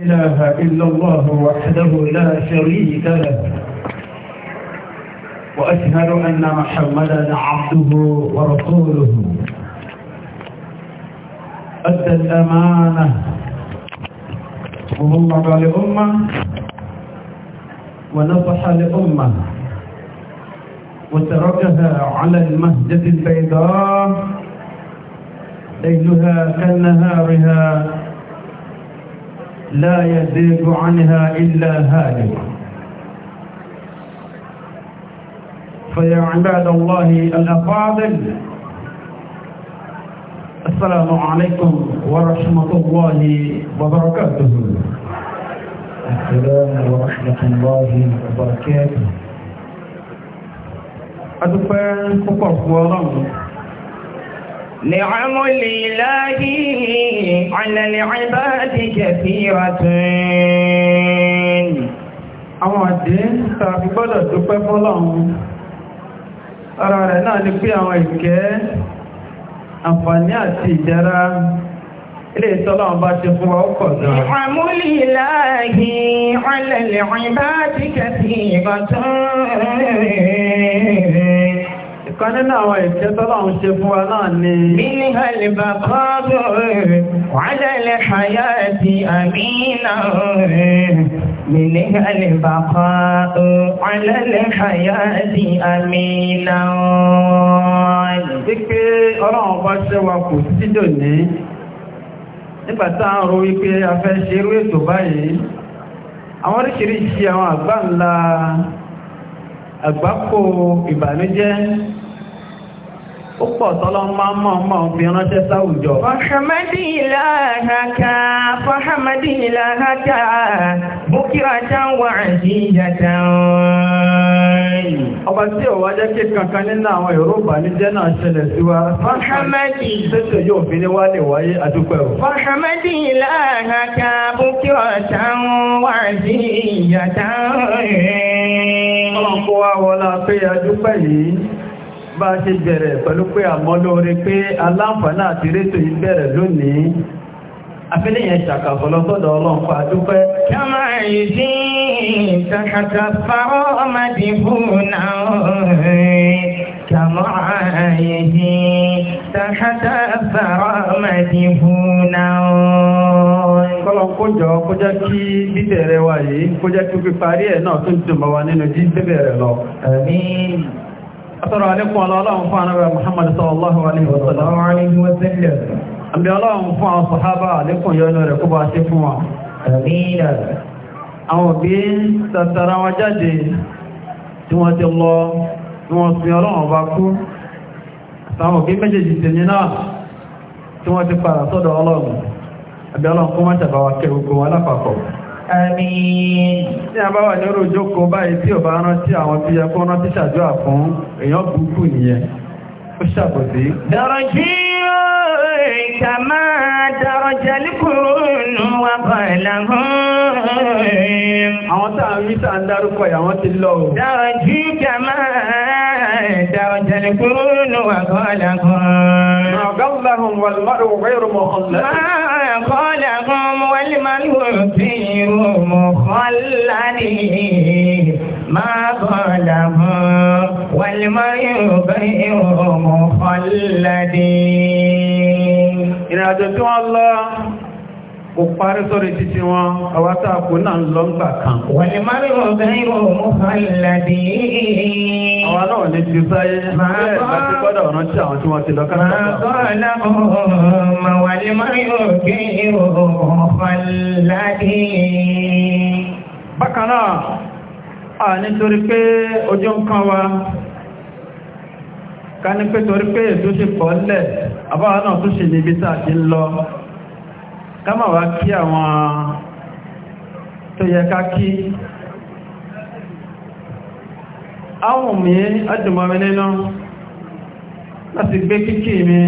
إله إلا الله وحده لا شريك له وأشهد أن محمدا عبده ورسوله أدى الأمانة وبلغ لأمة ونصح لأمة وتركها على المهجة البيضاء ليلها كنهارها لا يزيد عنها إلا هالك فيا عباد الله الأفاضل السلام عليكم ورحمة الله وبركاته السلام ورحمة الله وبركاته أدفع فقط ورمت نعم الإله على العباد كثيرة àwọn àdé tàbí gbọ́dọ̀ tó pẹ́ fọ́lọ́run ara rẹ̀ náà ni pé àwọn ìkẹ́ àǹfààní àti ìdára ilé ìtọ́lọ́run bá ṣe fún wa ó pọ̀ ọlẹ̀lẹ̀ ìbá ti kẹ́ ọ̀kan nínú àwọn ìkẹ́ tọ́lọ́run ṣe fún wa náà ni Bílí Halibà kọ́bọ̀ wájẹ̀lẹ̀ ṣayá ti àmìnà Bílí Halibà kọ́bọ̀ wájẹ̀lẹ̀ ṣayá ti àmìnà Wípé ọlọ́run bá ṣe àwọn oríṣiríṣi àwọn àgbà ńlá àgbákò ìbànújẹ́ ó pọ̀ tọ́lọ́ máa mọ́ ọmọ òfin ránṣẹ́ sáwùjọ. Fọ́hámẹ́dì ìlàáhàká, fọ́hámẹ́dì ìlàáhàká, bókíra táwà àjíyàtà ọba tí ó wájẹ́ kí kankan nínú àwọn Yorùbá ní jẹ́ náà ṣẹlẹ̀ sí wa fọ́hámẹ́dì tẹ́tẹ̀ yóò fi ní wá lè wáyé àdúpẹ́ o fọ́hámẹ́dì ìlàáhàká bókíra táwà àjíyàtà ọlọ́pọ̀ wá wọlá pé àdúpẹ́ yìí bá ṣe bẹ̀rẹ̀ pẹ̀lú pé àmọ́ lóore pé aláǹfààní àti rétò yìí bẹ̀rẹ̀ lónìí afẹ́lẹ́ yẹn ṣàkàfọ́lọ́ ọlọ́pàá dúpẹ́. kama kójá kí bíbẹ̀rẹ̀ wa yìí kójá kí píparí ẹ̀ náà nínú jí lọ. Àtọ́rọ̀ alékún aláwọ̀ fún anára Muhammad sallallahu alaihi wasallam. Àbí aláwọ̀ fún àwọn sàhábà alékún yọ inú rẹ̀ kó bá ṣe fún wa. Àwọn òbí tàtàrà wọn jáde tí wọ́n ti lọ tí wọ́n sin ọlọ́run bá kú. Àwọn òbí méjèèjì ti ní náà tí wọ́n ti padà sọ́dọ̀ ọlọ́run. Àbí aláwọ̀ kó má Àmín. Tí a bá wà ní orò jókòó báyìí tí ò bá rántí àwọn tí yẹ kó rántí ṣàdúrà fún èèyàn búkú nìyẹn. Ó ṣàbòsí. Dọ̀rọ̀jí ìkà máa dọ̀rọ̀jẹ́ líkùrúnù wà pàìlàhún. Àwọn táà ń rí táà ń dárúkọ ìyàwó ti lọ. Dọ̀rọ̀jí ìkà máa dọ̀rọ̀jẹ́ líkùrúnù wà pàìlàhún. Ọ̀gá غير مخلد ما ظلم والمرء غير مخلد إن أدعو الله kò parí sọ́rọ̀ títí wọn àwátá kò náà ń lọ ńgbà kan. wọ́n ni máa rọ̀ bẹ́ẹ̀ rọ̀ fàlàdé. àwọn náà ní ti sáyé bẹ́ẹ̀ bá ti gbọ́dọ̀ ọ̀ràn àwọn tí wọ́n ti lọ kára. ká ní pé torí pé ètò ti pọ̀ lẹ̀ àbáwọn náà tún ṣe níbi tá a ti ń lọ kámà wá kí àwọn tó yẹ ká kí àwọn mi ajùmọ̀mí nínú láti gbé kíkì mi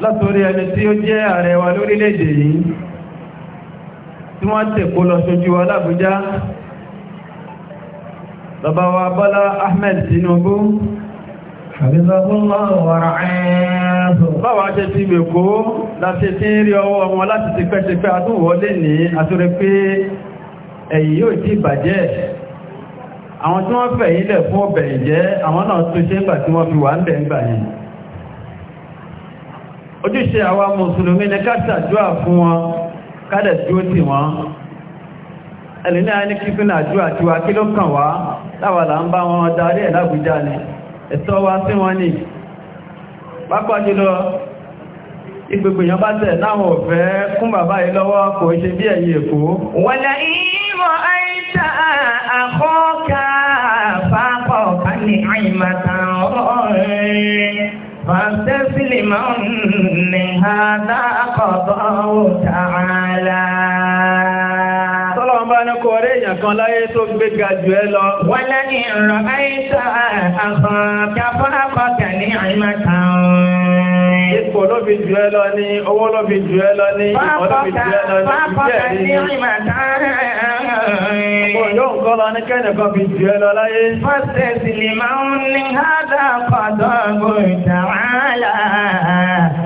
látorí ẹni tí ó jẹ́ ààrẹ wa lórílẹ̀-èdè yìí tí wọ́n tẹ̀kó lọ sójú wa lábújá bàbá wa Bọ́lá Ahmed Tinubu Báwa ṣe ti mèkó láti tí rí ọwọ́ wọn láti ti pẹ́ ti pẹ́ àtúnwọlé ní àtúrẹ pé ẹ̀yí yóò ti bàjẹ́. Àwọn tí wọ́n fẹ̀ ilẹ̀ fún ọbẹ̀ ìjẹ́ àwọn náà tó ṣe ń gbà tí wọ́n fi wà ń bẹ̀ ń gbà yìí. Ojúṣe àwa Mùsùlùmí ni ká ṣàdúà fún wọn, kádẹ̀ tí ó tì wọ́n. Ẹlẹ́ni ẹ̀tọ́ wa sí wọn ní pápá jùlọ ìgbègbè yàn bá tẹ̀ láwọn òfẹ́ kún bàbá yìí lọ́wọ́ kò ṣe bí ẹ̀yìn èkó wọ́lá ìmọ̀ àìta àkọ́ọ̀ká fápọ̀ kánì kan láyé tó gbé ga jù ẹ lọ. Wọ́n lẹ́ni ìrọ̀ àìsà àkàn káfọ́ àkọ́kà ní àìmọ̀ kan. Ipò ló fi jù ẹ lọ ní, owó ló fi jù ẹ lọ ní, ìmọ̀ ló fi jù ẹ lọ ní, ìjẹ́ ní. Ọmọ yóò ń kọ́ lọ ní kẹ́nìkan fi jù ẹ lọ láyé. Fọ́sẹ̀ sì lè máa ń ní hádà pàdọ́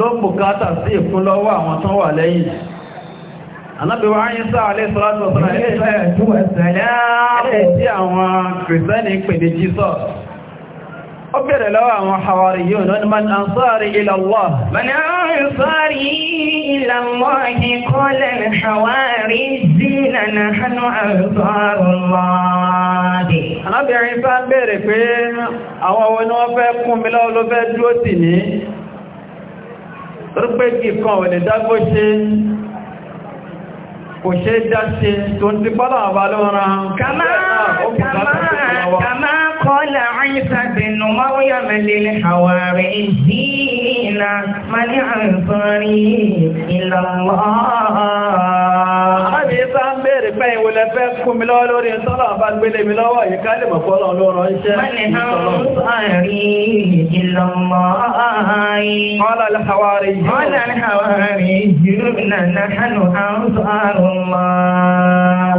ló ń bùkátà sí ìkúnlọ́wọ́ àwọn tán wà lẹ́yìn anábíwá ayínsá alẹ́sọ́látọ̀sọ́lá ilé tí àwọn kìrìsẹ́nì pè ní jísọ́ ó bèèrè lọ́wọ́ àwọn hawari yóò lọ ni man ansari ila Allah man ansari ila Allah ni kọ́lẹ̀ hawari zina na hannu ansarullah anábìnrin bá bèèrè pé àwọn wọn ni wọ́n fẹ́ kún mi lọ́wọ́ ló fẹ́ dúró tì ní tó pé kí kan ò lè dágbó ṣe kò ṣe dá ṣe tó ń ti pọ́lọ̀ àbálọ́ran kàmáà قال عيسى بن مريم للحواريين من انصاري الى الله ولكن يقولون ان الله الله يقولون ان الله يقولون الله يقولون ان الله يقولون ان الله يقولون ان الله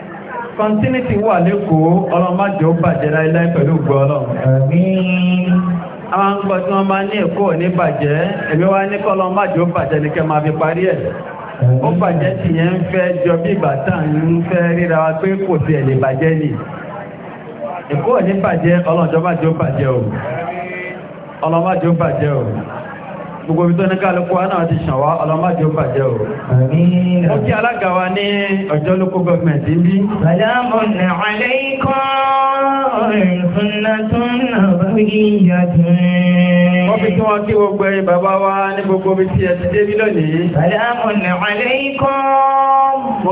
continuity wà lẹ́kọ̀ọ́ ọlọ́májọ́ bàjẹ́ láíláí pẹ̀lú gbọ́ ọlọ́run àwọn àgbà tí wọ́n máa ní ẹ̀kọ́ ní bàjẹ́ ẹ̀mí wá ní kọ́ ọlọ́májọ́ bàjẹ́ ní kẹ́ máa fi parí ẹ̀ ó bàjẹ́ tí yẹn ń fẹ́ jọ bí bàtà ń fẹ́ ríra wa pé kò sí ẹ̀lẹ̀ bàjẹ́ ni ẹ̀kọ́ ní bàjẹ́ ọlọ́májọ́ bàjẹ́ o gbogbo ibi tó ní kálukú wa náà ti ṣàn bàjẹ́ o. mo kí alága wa ní ọjọ́ lókó gọ́ọ̀mẹ̀ntì bí. sàlámù aláìkùm sunnatun nabawiyyatun. wọ́n fi kí wọ́n kí gbogbo ẹ̀yin bàbá wa ní gbogbo ibi tí ẹ ti dé bí lónìí. sàlámù aláìkùm. mo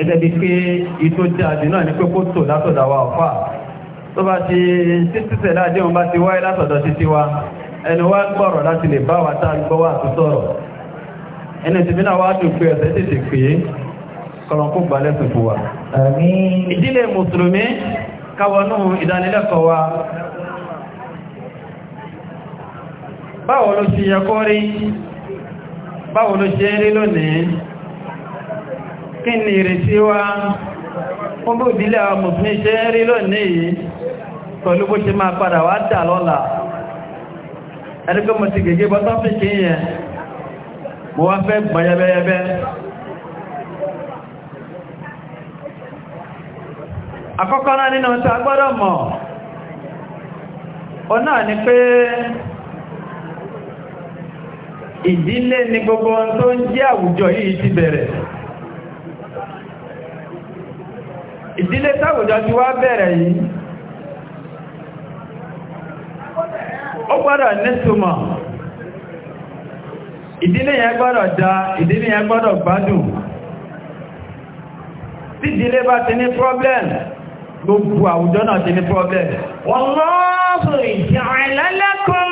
ìdẹ́bi pé ìtò jẹ́ àjì náà ní pé kó tò látọ̀dà wa ọ̀fà tó bá ti títẹ̀ láàdé wọn bá ti wáyé látọ̀dọ̀ títí wa ẹni wá gbọ́rọ̀ láti lè bá wa tá gbọ́ wà tó sọ̀rọ̀ ẹni tìbí náà wá dùn pé ọ̀sẹ̀ tètè pé kọlọ̀kú gbà lẹ́sùn fún wa ìdílé mùsùlùmí káwọnú ìdánilẹ́kọ̀ọ́ wa báwo ló ṣe yẹ kó rí báwo ló ṣe rí lónìí kí ni ìrètí wa fún bí ìdílé àwọn mùsùlùmí ṣe ń rí lónìí pẹ̀lú bó ṣe máa padà wá dà lọ́la ẹ̀ríkọ́ mo ti gègé yẹn mo wá fẹ́ gbọ́n yẹbẹ́yẹbẹ́ àkọ́kọ́ náà nínú tí gbọ́dọ̀ mọ̀ ọ náà ni pé ìdílé ni gbogbo ohun tó ń jẹ́ àwùjọ yìí ti bẹ̀rẹ̀ ìdílé táwùjọ ti wá bẹ̀rẹ̀ yìí ó gbọ́dọ̀ nítumọ̀ ìdílé yẹn gbọ́dọ̀ dá ìdílé yẹn gbọ́dọ̀ gbádùn tí ìdílé bá ti ní problem gbogbo àwùjọ náà ti ní problem wallahu ja'ala lakum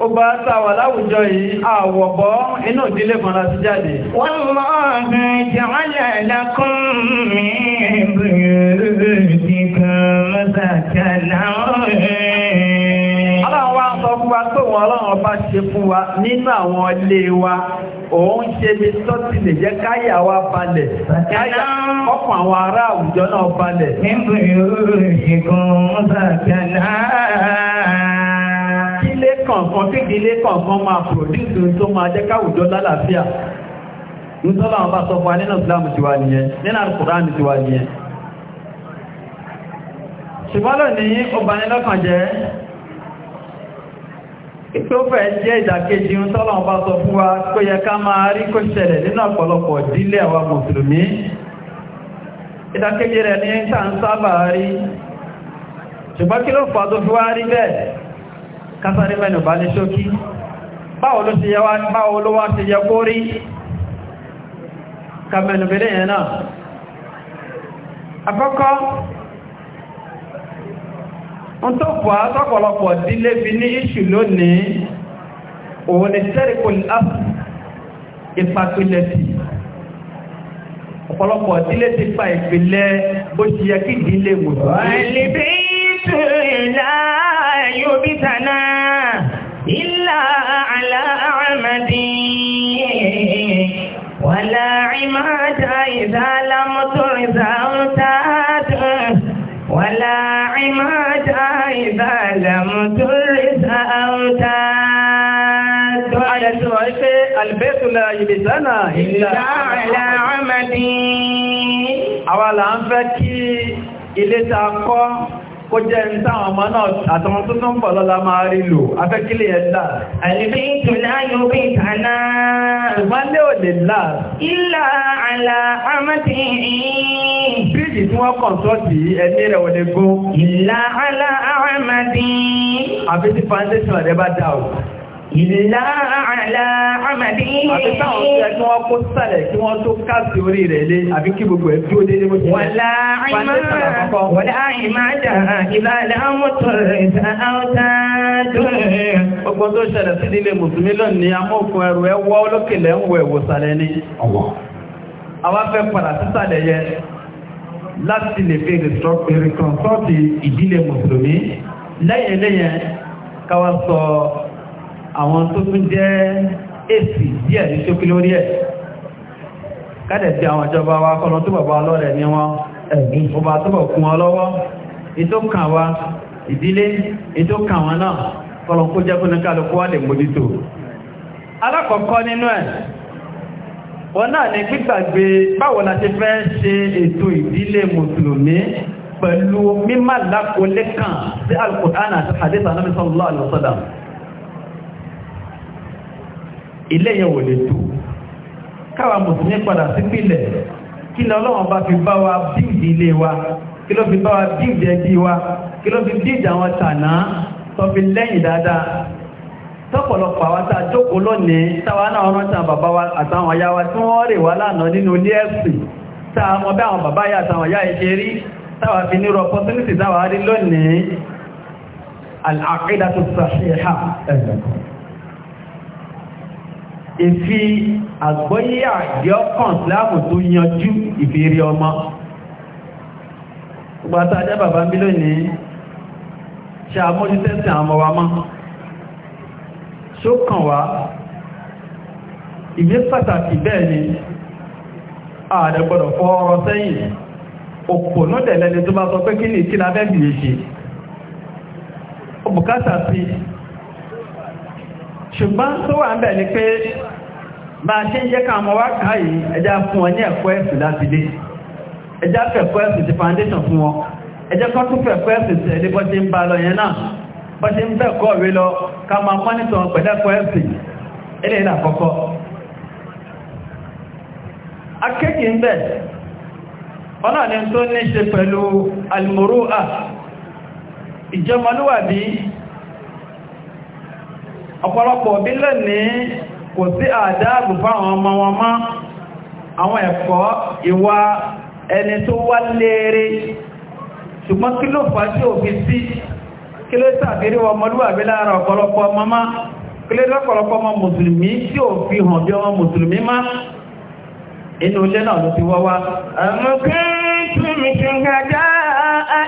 ó bá sáwà láwùjọ yìí àwọ̀bọ́ inú ìdílé kan láti jáde. wọ́n mọ́ ọ̀gbìn jàmọ́lẹ̀ mi bèèrè kan lè jẹ́ káyà balẹ̀ káyà àwọn ará àwùjọ náà balẹ̀. kọ̀ọ̀kan kékeré kọ̀ọ̀kan máa pòdúsù tó máa jẹ́ káwùjọ lálàáfíà ní tọ́lá wọn bá sọ fún wa nínú ìsìlámù ti wà nìyẹn nínú àkùránì ti wà nìyẹn ṣùgbọ́n lónìí obìnrin lọ́kàn jẹ́ ìpé ó fẹ́ jẹ́ ìdàkejì ń tọ́lọ̀ ọba sọ fún wa kó ní ṣàǹsábà ṣùgbọ́n kí ló fà tó fi wá rí bẹ́ẹ̀ kásáré mẹ́nu bá ní ṣókí báwo ló wá ti yẹ kó ka mẹ́nu bèèrè yẹn náà àkọ́kọ́ ń tó fà á dílé fi ní ìṣù lónìí òun ni tẹ́rìkù ìpàpìlẹ̀ ọ̀pọ̀lọpọ̀ dílé ti fa ìpìlẹ̀ bó ṣe yẹ kí dílé mùsùlùmí. wà lè bí ìtùlá yóò bí tàná على عمدي ولا عماد إذا لم ترزمتات ولا عماد إذا لم ترزمتات على سؤال البيت لا يبسنا إلا على عمدي أولا فكي إلي تقوم kó jẹ́ ẹni táwọn ọmọ náà àtọmọ tó tó ń bọ̀ lọ́la máa rí lò afẹ́kílẹ̀ ẹ̀ là. àìbí ìtùlá bí ìtànà. ìmọ̀lẹ́ ò lè ìlà àlà àmọ́tì bíríìjì tí wọ́n kàn Ìlà àlà àmàdí. Àbí táwọn tí wọ́n kó sàlẹ̀ kí orí rẹ̀ lé àbí kí gbogbo ẹ̀ tí ó dé ní mọ́jẹ́. Wàlá àìmáàdà Àwọn afẹ́ padà sísàlẹ̀ yẹ láti lè fi rìkọ̀ǹtọ́ọ̀tì ìdílé Mùsùlùmí lẹ́yìn lẹ́yìn káwá sọ àwọn tó tún jẹ́ èsì díẹ̀ ní ṣókí lórí ẹ̀ kádẹ̀ tí àwọn ìjọba wa kọ́nà tó bàbá ọlọ́rẹ̀ ní wọn ọba tó bọ̀ kún wọn lọ́wọ́ ìtókàn wa ìdílé ìtókàn wọn náà kọ́nà kó jẹ́ fún kálukú wà lè mójútó alákọ̀ọ́kọ́ nínú ẹ̀ wọn náà ni gbígbàgbé báwo la ṣe fẹ́ ṣe ètò ìdílé mùsùlùmí pẹ̀lú mímàlákólé kan sí Al-Qur'an àti hadith Ànábì sallallahu alaihi wasallam ilé yẹn wò lè tó káwa mùsùlùmí padà sí pìlẹ̀ kí ni ọlọ́run bá fi bá wa bíìdì ilé wa kí ló fi bá wa bíìdì ẹbí wa kí ló fi bíìdì àwọn tànà tó fi lẹ́yìn dáadáa tọ́pọ̀lọpọ̀ àwọn tá a jókòó lónìí táwa náà rántí àwọn bàbá wa àtàwọn ọ̀yá wa tí wọ́n rè wá lánàá nínú ilé ẹ̀sìn tá a mọ bí àwọn bàbá yà àtàwọn ọ̀yá ẹ̀ rí táwa fi nírò opportunity táwa rí lónìí al-aqidatu ìfi àgbọ́yé àjẹ́ ọkàn láàmù tó yanjú ìfèrè ọmọ gbogbo àtàjẹ́ bàbá ń bí lónìí ṣe àmójú tẹ́sì àwọn ọmọ wa mọ́ ṣó kàn wá ìwé pàtàkì bẹ́ẹ̀ ni ààrẹ gbọ́dọ̀ fọ́ ọ̀rọ̀ sẹ́yìn òpò náà tẹ̀lẹ́ni tó bá sọ pé kí ni ìtìlábẹ́bì lè ṣe ó sí ṣùgbọ́n tó wà ń bẹ̀ ni pé bá ṣe ń jẹ́ káàmọ́ wá ká ẹjá fún ọ ní ẹ̀kọ́ ẹ̀sùn láti dé foundation fún wọn ẹjá kọ́ tún fẹ̀kọ́ ẹ̀sùn ti bọ́ ṣe ń bá lọ yẹn náà bọ́ ṣe ń fẹ̀kọ́ rí lọ ká máa mọ́nítọ̀ pẹ̀lẹ́kọ́ ẹ̀sùn ọ̀pọ̀lọpọ̀ bí lónìí kò sí àdáàbò fáwọn ọmọ wọn mọ́ àwọn ẹ̀kọ́ ìwà ẹni tó wá léèrè ṣùgbọ́n kí ló fà sí òfin sí kí ló sàbírí ọmọlúwàbí lára ọ̀pọ̀lọpọ̀ ọmọ má kí ló lọ́pọ̀lọpọ̀ ọmọ mùsùlùmí tí ò fi hàn bí ọmọ mùsùlùmí má inú ilé náà ló ti wọ́wá. àmọ́ kí tún mi ṣe ń gajá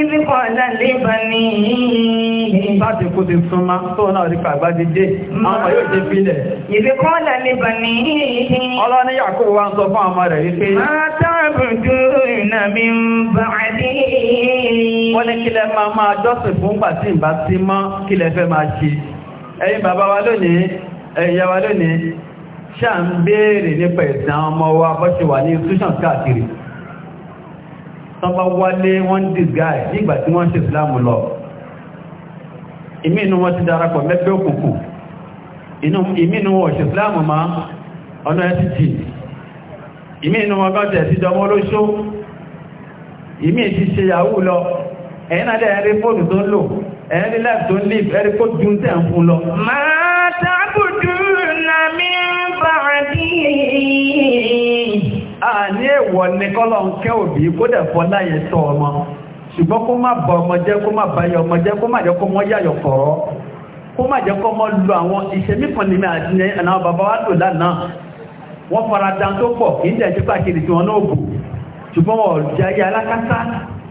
ìdí kọ̀ọ̀lá lè bá ní láti kó ti súnmá tó náà rí pàgbá dídé ọmọ yóò jẹ́ pílẹ̀ ìdí kọ̀ọ̀lá lè bá ní ọlọ́ni yàkó wa ń sọ fún ọmọ rẹ̀ wípé wọ́n ní kílẹ̀ máa máa jọ́sìn fún pàtí ìbá sí mọ́ kílẹ̀ fẹ́ máa ṣe ẹ̀yin bàbá wa lónìí ẹ̀yin yàwá lónìí ṣáà ń béèrè nípa ẹ̀sìn àwọn ọmọ wa bọ́ ṣe wà ní institution káàkiri tọ́bá wálé wọ́n disguise nígbà tí wọ́n ṣe ìsìláàmù lọ ìmínú wọn ti darapọ̀ mẹ́gbẹ́ òkùnkùn ìmínú wọn ṣe ìsìláàmù ma ọ̀nà ẹ̀tìtì ìmínú wọn gọ́jẹ̀ ti dọmọ olóṣó ìmí ti ṣe yahoo lọ ẹ̀yìn adẹ́ ẹ̀rí fóònù tó ń lò ẹ̀rí láti tó ń lè ẹ̀rí kó jù ń tẹ̀ ń fún lọ máa èèwọ̀ ni kọ́lọ̀ ń kẹ́ òbí kó dẹ̀ fọ́ láyé tọ́ ọmọ ṣùgbọ́n kó má bà ọmọ jẹ́ kó má bà yọ ọmọ jẹ́ kó má jẹ́ kó mọ́ yàyọ̀ kọ̀rọ̀ kó má jẹ́ kó mọ́ lu àwọn ìṣẹ́mí kan ní àwọn bàbá wa lò lánàá wọ́n fara dán tó pọ̀ kì í dẹ̀ ṣe pàkiri tí wọ́n náà bù ṣùgbọ́n wọ́n jẹ́ ayé alákátá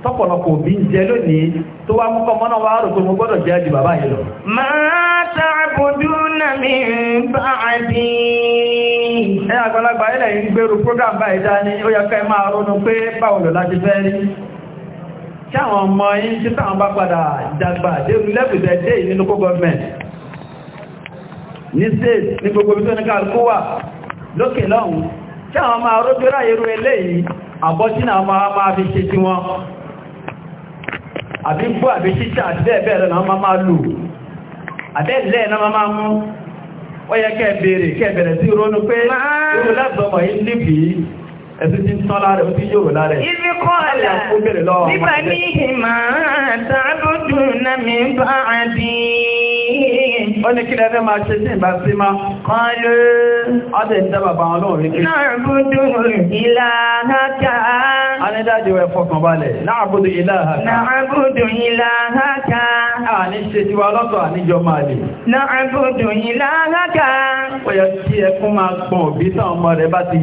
tọ́pọ̀lọpọ̀ obi ń jẹ lónìí tó wá mú kọmọ náà wá rò pé mo gbọ́dọ̀ jẹ́ jù bàbá yìí lọ. máa ta'buduna min ba'di. ẹ àgbàlagbà ilẹ̀ yìí ń program báyìí dání ó yẹ máa ronú pé báwo lọ láti fẹ́ rí. kí àwọn ọmọ tí táwọn bá padà dàgbà dé kó ní gbogbo ibi tó ní kálukú wà lókè lọ́hùn-ún àwọn eléyìí náà máa àbí gbọ́ àbí títà àti bẹ́ẹ̀ lọ náà máa lù àbẹ́lẹ̀ náà máa mú ó yẹ kẹ́ bèèrè sí ronú pé irú lágbọ́mọ̀ yìí níbi ó ní kí lẹ́fẹ́ máa ṣe sí ìbá sí máa kan ló ọ́dẹ̀ ń dábà bá ọlọ́run rí kí náàbùdó ìlàáháká anídájú ẹ fọkàn balẹ̀ náàbùdó ìlàáháká àní ṣe tí wa lọ́tọ̀ àníjọ máa lè náàbùdó ìlàáháká ó yẹ kí ẹkún máa pọ̀ bí táwọn ọmọ rẹ̀ bá ti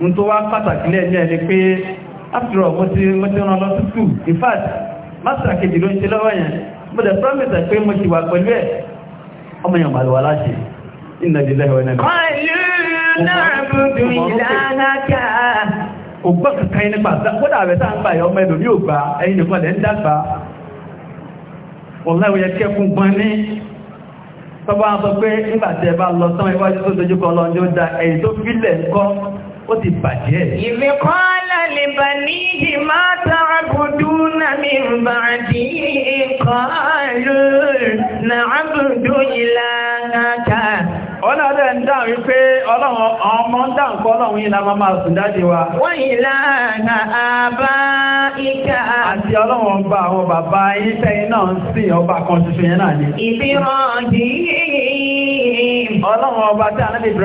ń tó wá pàtàkì lẹ́ẹ̀lẹ́ ni pé after mo ti lọ sí in fact master kejì ló ń ṣe lọ́wọ́ yẹn mo dẹ̀ promise pé mo ti wà pẹ̀lú ẹ̀ ọmọ yẹn màlúwà láṣẹ inna lillahi wa ń ń bá lọ tó lọ ní ó da ẹ̀yìn ó ti bàjẹ́. Ìfẹ́ kọ́lá lè bà ní ìmá tààbùdú na mi bà dí ìkọlù na àbùdó ìlànà kàá ọ̀nà ọdẹ́ ń dáa wípé ọlọ́run ọmọ ń dáa nǹkan ọlọ́run yìí lámọ́ máa sùn dáde wa. wọ́n ìlànà àbá ìkà. àti ọlọ́run bá àwọn bàbá ìfẹ́yìn náà ń ọba kan ṣoṣo yẹn náà ni. ìbírànjì ọlọ́run ọlọ́run ọba tí anábì Ismail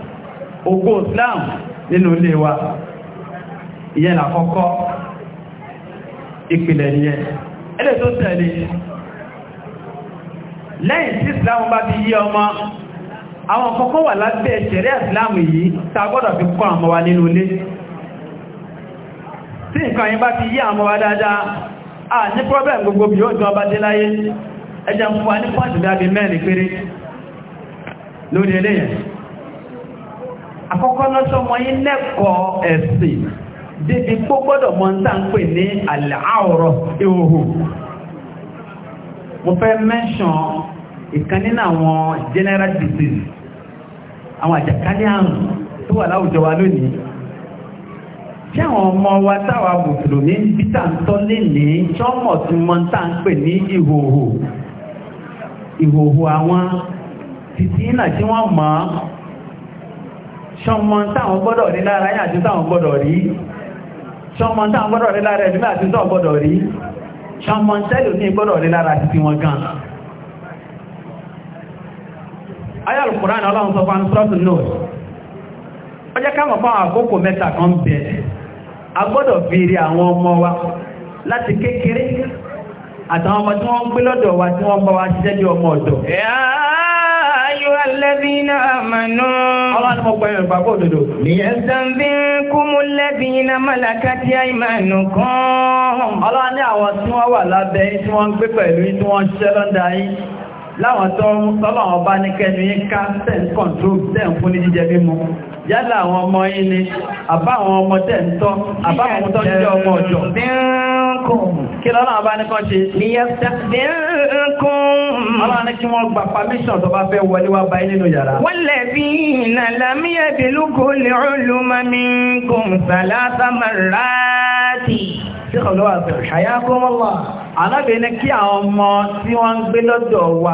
ògo Islam nínú ilé wa ìyẹn àkọ́kọ́ ìpìlẹ̀ ìyẹn ẹlẹ́ tó tẹ̀lé lẹ́yìn tí Islam bá ti yí ọmọ àwọn kọ́kọ́ wà lábẹ́ ṣẹ̀rẹ́ Islam yìí ta gbọ́dọ̀ fi kọ́ ọmọ wa nínú ilé tí nǹkan yìí bá ti yí ọmọ wa dáadáa a ní problem gbogbo bí yóò jọ ọba dé láyé ẹjẹ́ fún wa ní pọ́ǹtì bí a bí mẹ́rin péré lórí eléyìn àkọ́kọ́ lọ́ṣọ́ mọ́ yí lẹ́kọ̀ọ́ ẹ̀sìn débi pó gbọ́dọ̀ mọ́ ń tà ń pè ní àlàáwọ̀rọ̀ ìhòhò mo fẹ́ mẹ́ṣàn ìkan nínú àwọn general disease àwọn àjàkálẹ̀ àrùn tó wà láwùjọ wa lónìí tí àwọn ọmọ wa táwa mùsùlùmí ń bí tà ń tọ́ lé ní tí mọ́ ń tà ń pè ní ìhòhò ìhòhò àwọn tìtìínà tí wọ́n mọ̀ ọ́ ṣọmọ táwọn gbọ́dọ̀ rí lára yà àti gbọdọ gbọ́dọ̀ rí ṣọmọ àti tẹ́lù ní gbọ́dọ̀ rí lára títí wọn gan ayàlù ọlọ́run sọ fún ṣọ́tù náà ó jẹ́ ká mọ̀ fún àkókò mẹ́ta kan bẹ̀ àwọn ọmọ wa láti kékeré àtàwọn ọmọ tí wọ́n ń gbé lọ́dọ̀ wa tí wọ́n ọmọ lẹ́bínà àmànú. Ọlọ́run ni mo pẹ̀lú ìgbàgbọ́ òdodo. Ìyẹ́sàmbí kúmú lẹ́bínà màlàkàtí àìmànú kan. Ọlọ́run ní àwọn tí wọ́n wà lábẹ́ yín Láwọn tó ń sọ́lọ̀ wọn ní kẹ́nu yín ká tẹ̀ kọ̀ntró tẹ̀ fún ní jíjẹ mímu. Yálà àwọn ọmọ yín ni, àbá àwọn ọmọ tẹ̀ àbá àwọn tó ń ọmọ ọ̀dọ̀ kùn. Kí lọ́nà ọba ní kan ṣe? Liyastaqdirkum. Ọlọ́run ní kí wọ́n gba permission tó bá fẹ́ wọlé wá báyìí nínú yàrá. Wallazina lam yadkhulul uluma minkum thalatha Ṣé ọ̀lọ́ àbẹ̀rẹ̀ ṣàyà kó mọ́ wà? Àlábẹ̀ẹ́ ní kí àwọn ọmọ tí wọ́n ń gbé lọ́dọ̀ wa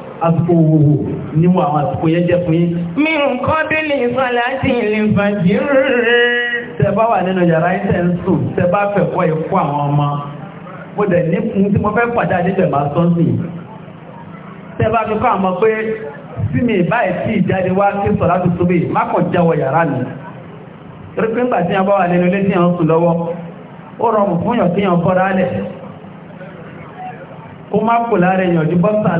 àsìkò òwòwò níwọ̀n àwọn àsìkò yẹn jẹ́ fún yín. mi ò kọ́ délé ìsọ̀lá ti lè fàjì rẹ̀. tẹ bá wà nínú yàrá yín tẹ ń sùn tẹ bá fẹ́ kọ́ ikú àwọn ọmọ mo dẹ̀ ní fún tí mo fẹ́ pàdé àdébẹ̀ máa sọ sí i. tẹ fi kọ́ àmọ́ pé sí mi báyìí tí ìjáde wá kí sọ̀rọ̀ àti tóbi má kàn jáwọ́ yàrá mi. torí ńgbà tí yàn wà nínú ilé tí yàn sùn lọ́wọ́ ó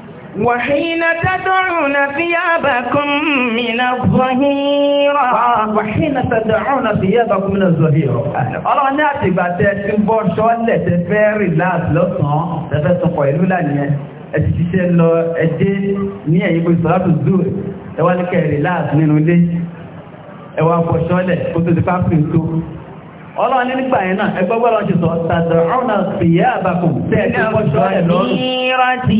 وحين تدعون ثيابكم من الظهيرة وحين تدعون ثيابكم من الظهيرة ọlọ́run ní àtìgbà tẹ́ tí ń bọ́ ṣọ́lẹ̀ tẹ́ fẹ́ relax lọ́sàn-án tẹ́fẹ́ sọpọ̀ ìlú lánìyàn ẹ̀tì ṣiṣẹ́ lọ ẹdẹ́ ní ẹ̀yìn bó ìsọ́látù zoo ẹwà ní kẹ́ relax nínú ilé ẹwà bọ́ ṣọ́lẹ̀ kó tó ti pápí tó ọlọ́run ní nígbà yẹn náà ẹgbẹ́ gbọ́dọ̀ ti sọ tàdà ọ̀nà fìyà àbàkù tẹ́ẹ̀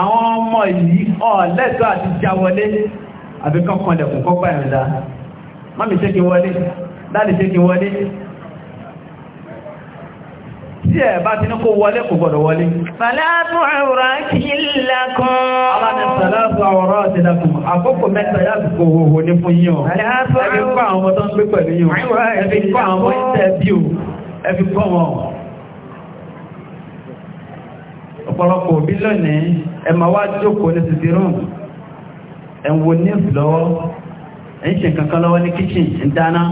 àwọn ọmọ yìí ọ̀lẹ́tọ́ àti já wọlé àbí kọ́kàn lẹ̀kùn kọ́kọ́ ìrìnlá mọ́mí ṣe kí wọlé dáàdì ṣe kí wọlé tí ẹ̀ bá ti ní kó wọlé kò gbọ́dọ̀ wọlé Fàlátù àwòrán kí lákùn. kọ́ àwọn ọmọ tó ń gbé pẹ̀lú yíò. Ẹbí kọ́ àwọn ọmọ ọ̀pọ̀lọpọ̀ òbí lónìí ẹ wá jókòó ní títí rùn ẹ wo news kankan lọ́wọ́ ní kitchen ń dáná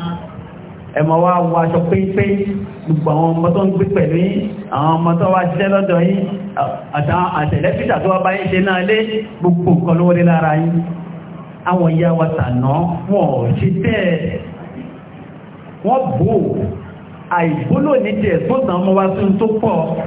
ẹ wá aṣọ gbogbo àwọn ọmọ tó ń gbé pẹ̀lú àwọn ọmọ tó wá jẹ́ lọ́dọ̀ yín wa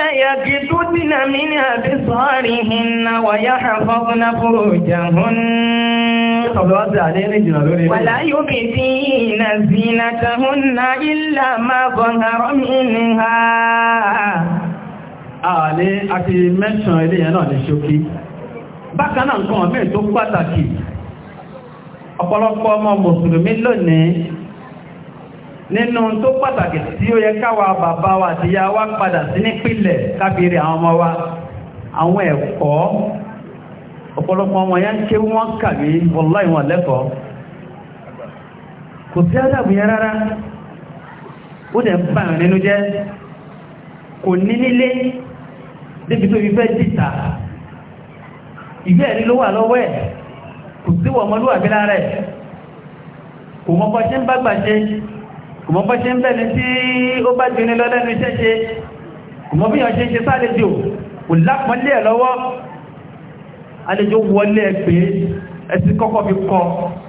يجددن من أبصارهن ويحفظن فروجهن ولا يبدين زينتهن إلا ما ظهر منها Ààlé àti mẹ́ṣàn ilé yẹn náà ṣókí. Bákan náà mẹ́ tó pàtàkì, ọ̀pọ̀lọpọ̀ ọmọ Mùsùlùmí lónìí nínú tó pàtàkì tí ó yẹ káwa bàbá wa àti ya wa padà sí nípìnlẹ̀ kábìrì àwọn ọmọ wa àwọn ẹ̀kọ́ ọ̀pọ̀lọpọ̀ ọmọ ya ń ké wọ́n kàwé wọ́lá ìwọ̀n lẹ́kọ̀ọ́ kò sí ádàbù rárá ó dẹ̀ bá nínú jẹ́ kò ní nílé débi tó fi ẹ̀rí ló wà lọ́wọ́ ẹ̀ kò ọmọlúwàbí lára ẹ̀ kò mọ́kọ́ kò mọ bọ́ ṣe ń bẹ̀rẹ̀ tí ó bá jù ní lọ́lẹ́nu iṣẹ́ ṣe kò mọ bí yàn ṣe ṣe sálejò kò lápọ́nlé ẹ̀ lọ́wọ́ àlejò wọlé ẹgbẹ́ ẹsìn kọ́kọ́ fi kọ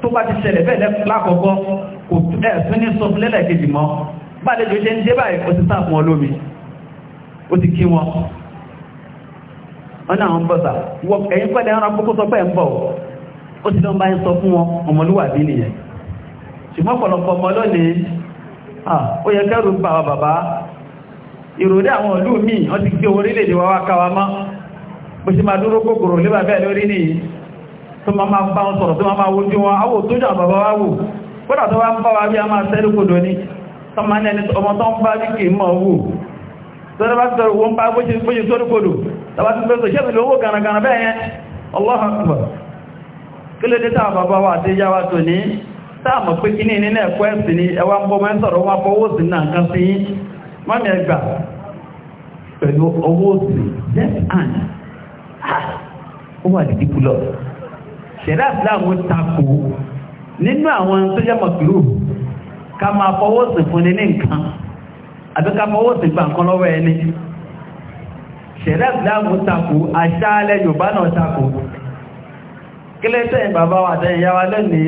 tó bá ti ṣẹlẹ̀ bẹ́ẹ̀ lákọ̀ọ́kọ́ kò ẹ̀sùn ní sọ fúnlẹ̀ kejì mọ́ bá àlejò ṣe ń dé báyìí ó ti ṣùgbọ́n ọ̀pọ̀lọpọ̀ ọmọ lónìí Ah, ó yẹ kẹ́rù ń bà bàbá ìròrí àwọn wọ́n ti gbé orílẹ̀-èdè wa wá káwa bó ṣe máa dúró kòkòrò lébà bẹ́ẹ̀ lórí nìyí tó ma máa bá wọn sọ̀rọ̀ tó ma máa wojú wọn awò tó jà bàbá wá wò kódà tó ń bá bí a máa sẹ́lú kodò ní tọ́mà táàmù pé kí ní nínú ẹ̀kọ́ ẹ̀sìn ni ẹwà ń bọ́ mẹ́ sọ̀rọ̀ wọn fọwọ́ sí náà kan sí mọ́mí ẹgbà pẹ̀lú ọwọ́ sí left hand ó wà ní dípúlọ̀ ṣẹ̀dá ìsìláàmù takò nínú àwọn tó jẹ́ mọ̀kìlú ká máa fọwọ́ sí fún ní nǹkan àbí ká fọwọ́ sí gbà nǹkan lọ́wọ́ ẹni ṣẹ̀dá ìsìláàmù takò àṣà alẹ́ Yorùbá náà takò kílẹ̀ tẹ́yìn bàbá wa àtẹ́yìn yá wa lónìí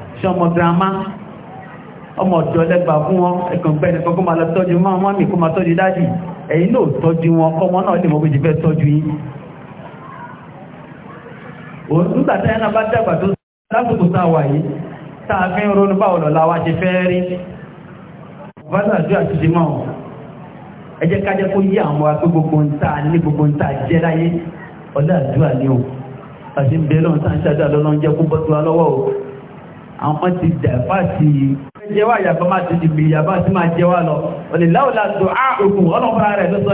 ṣe ọmọ girama ọmọ ọ̀dọ́ lẹ́gbà fún wọn ẹ̀kàn pẹ́ nìkan kó máa lọ tọ́jú máa wọ́n mi kó máa tọ́jú dájì ẹ̀yìn náà tọ́jú wọn kọ́mọ náà lè mọ́bí jẹ́ tọ́jú yín nígbàtẹ́ ẹ̀nà bá dàgbà tó lásìkò sáwà yìí táa fi ń ronú báwọn lọ́la wá ṣe fẹ́ rí kó yí àwọn wa pé gbogbo ń ta ní gbogbo ń ta jẹ́ láyé ọlọ́àdúrà ní o àti ń bẹ́ẹ̀ lọ́n tá ń ṣàdúrà lọ́lọ́ ń jẹ́ kó bọ́ tó wa lọ́wọ́ o àwọn ti dàgbà sí i. jẹ́ wá yàgbọ́n máa ti dìbò ìyàbá sí máa jẹ́ wá lọ. òlè láwùlà dùn á òkun ọlọ́pàá rẹ̀ ló sọ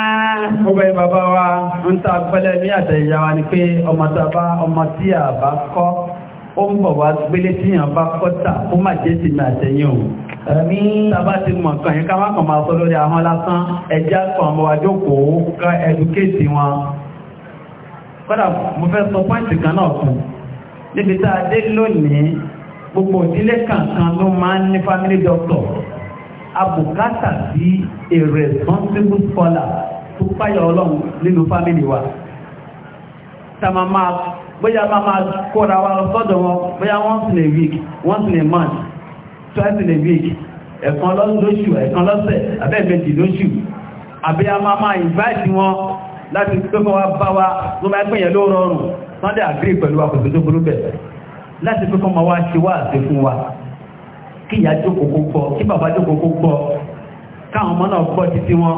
kọ́bẹ̀ bàbá wa ń ta pẹ́lẹ̀ ní àtẹ̀ wa ni pé ọmọ tàbá ọmọ tí a bá kọ́ ó ń bọ̀ wá gbélé tí yàn bá kọ́ tà ó má jẹ́ ti mi àtẹ̀yìn o tàbá ti mọ̀ kàn yín ká má kàn máa sọ lórí ahọ́n lásán ẹjá kan ọmọ wa ká ẹdùkéètì wọn kọ́dà mo fẹ́ sọ pọ́ìntì kan náà kù níbi tá a dé lónìí gbogbo ìdílé kankan ló máa ń ní family doctor abùkátà sí a responsible scholar tó páyà ọlọ́run nínú fámílì wa tàmà máa bóyá máa máa kóra wa sọ́dọ̀ wọn bóyá once in a week once in a month twice in a week ẹ̀kan lóṣù ẹ̀kan lọ́sẹ̀ abẹ́ẹ̀mẹ́jì lóṣù àbí a máa máa invite wọn láti pẹ́kọ́ wa bá wa tó máa pẹ́yẹ̀ ló rọrùn sunday agree pẹ̀lú àkùsù tó burú bẹ̀ láti pẹ́kọ́ ma wá ṣe wá àti fún wa kí ìyá jókòó kó gbọ́ kí bàbá jókòó kó gbọ́ káwọn ọmọ náà gbọ́ títí wọn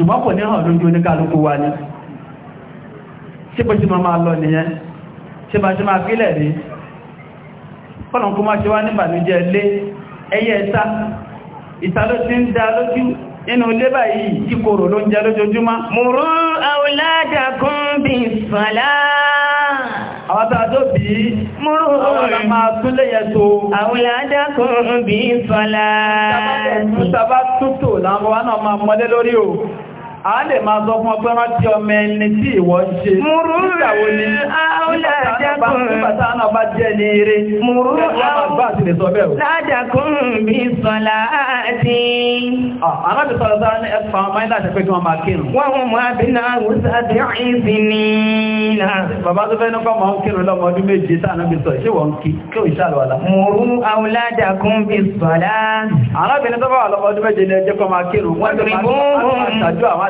ṣùgbọ́n kò ní hàn lójú oníkálukú wa ní ṣe bó ṣe máa máa lọ nìyẹn ṣe bá ṣe máa fílẹ̀ rí kọ́nàkú máa ṣe wá ní ìbànújẹ́ ilé ẹyẹ ẹta ìta ló ti ń dá lójú inú ilé báyìí kí kòrò ló ń jẹ lójoojúmọ́ mùrú àwòládàkún bí sọ́lá bí múrù ọ̀rọ̀ máa tún lẹ́yẹ tó àwòládàkún bí sọ́lá tàbá tútò a lè máa sọ fún ọgbẹ́ rántí ọmọ ẹni tí ìwọ ṣe nígbàwó ni bàtánà bá jẹ́ ah, ní eré múrú ládàkún bí sọ́lá àti alábi sọ́lá sára ní ẹfà máìlá àṣẹ́fẹ́ kí wọ́n máa kírùn wọ́n mú àbínà àwùsá tí ìsì ní náà bàbá tó fẹ́ ní kọ́ máa ń kírùn lọ́mọ ọdún méje sáànàbí sọ ṣé wọ́n kí kí ò ìṣàlọ́lá múrú àwùládàkún bí sọ́lá alábi ní tọ́bà lọ́mọ ọdún méje ní ẹjẹ́ kọ́ máa kírùn wọ́n tó máa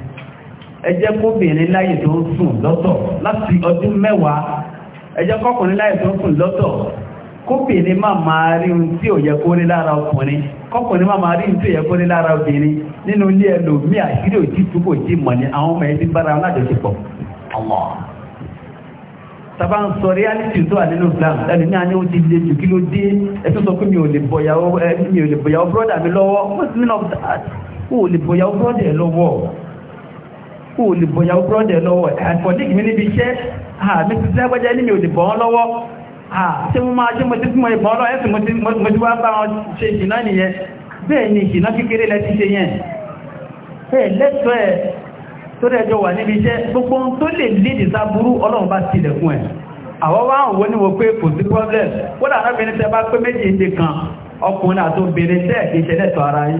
ẹ kóbìnrin láyè tó sùn lọ́tọ̀ láti ọdún mẹ́wàá ẹ jẹ́ láyè tó sùn lọ́tọ̀ kóbìnrin máa máa rí ohun tí ò yẹ kó lára ọkùnrin kọ́kùnrin máa máa rí ohun tí ò yẹ kó lára obìnrin nínú ilé ẹlòmíì àṣírí òjì tó kò jí mọ̀ ní àwọn ọmọ ẹbí bára alájọṣepọ̀ Allah tàbá ń sọ reality tó wà nínú Islam ẹni ní àní ó ti jù kí ló dé ẹtún sọ pé mi ò lè bọ̀yàwó mi ò lè bọ̀yàwó brọ́dà mi lọ́wọ́ o lè bọ̀yà brọ́dẹ̀ lọ́wọ́ ẹ̀fọ̀díkì mi níbi iṣẹ́ àmì ah, ti sẹ́gbẹ́jẹ́ ní mi ò lè bọ̀ ọ́ lọ́wọ́ tí ah, mo máa ṣe mo ti fún ìbọn ọlọ́ ẹ̀sìn mo ti wá bá wọn ṣe ìṣìná nìyẹn bẹ́ẹ̀ ni ìṣìná kékeré lẹ ti ṣe yẹn ẹ̀ lẹ́tọ́ ẹ̀ tó rẹ̀jọ wà níbi iṣẹ́ gbogbo ohun tó lè lédè sáburú ọlọ́run bá tilẹ̀ fún ẹ̀ àwọn wá òun ní wo pé kò sí problem kódà arábìnrin tẹ bá pé ọkùnrin àti obìnrin tẹ́ẹ̀ kì tọ́ ara yìí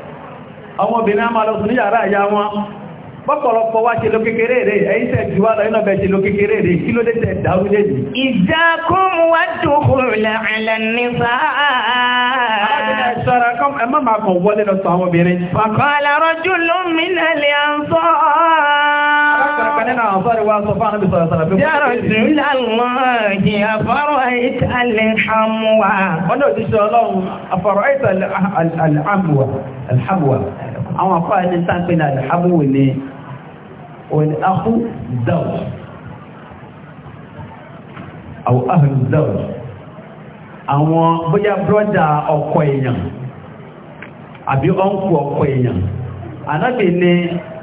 àwọn obìnrin a máa lọ sùn ní yàrá ìyá wọn Bọ́pọ̀lọpọ̀ wá ṣe ló kékeré rẹ̀, ẹ̀yìn tẹ̀ jù wá lọ iná bẹ̀ ṣe ló kékeré rẹ̀, kí ló dé tẹ̀ dárú lè ní? Ìjákún wá dùkùn lẹ́ẹ̀lẹ́ nípa. Ṣọ́ra kọ́ ẹ má máa kàn wọlé lọ sọ àwọn obìnrin. Fàkọ́lá rọ́jú ló mìnà lè ń sọ. Ọ̀rọ̀kọ̀ nínú àwọn sọ́rọ̀ wá sọ fáwọn ìbìsọ̀rọ̀ sọ̀rọ̀ fún mi. Yàrá ìsìnlẹ̀ àlọ́ọ̀dì àfọ́rọ̀ ìtàlẹ̀ àmúwà. Wọ́n náà ti ṣe ọlọ́run àfọ̀rọ̀ ìtàlẹ̀ àmúwà. àwọn àpá ẹni sáńpé ní àdáhábùwò ní òní áhù zawj àwọn áhù zawj àwọn bóyá brọ́dà ọkọ èèyàn àbí ọ́nkù ọkọ èèyàn anábì ní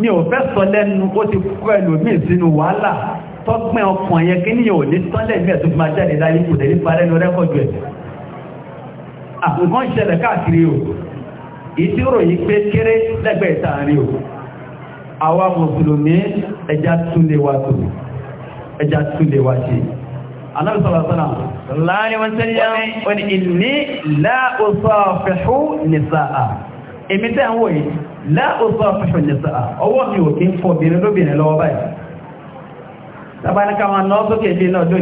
mi ò fẹ́ sọ lẹ́nu ó ti kú ẹlòmíì sínú wàhálà tọ́pẹ́ ọkàn yẹn kí ní yóò ní tọ́lẹ̀ ní ẹ̀tún máa jáde láyé kò tẹ̀lé parẹ́ ní rẹ́kọ̀dù ẹ̀ àkùnkàn ṣẹlẹ̀ káàkiri o ìṣírò yìí pé kéré lẹ́gbẹ̀ẹ́ ìtàrí o àwa mùsùlùmí ẹja túnlé láòsọ́ fúnṣọ̀ nìsọ́ ọwọ́ mi ò kí ń fọ́ obìnrin lóbìnrin lọ́wọ́ báyìí wọn náà náà iná kí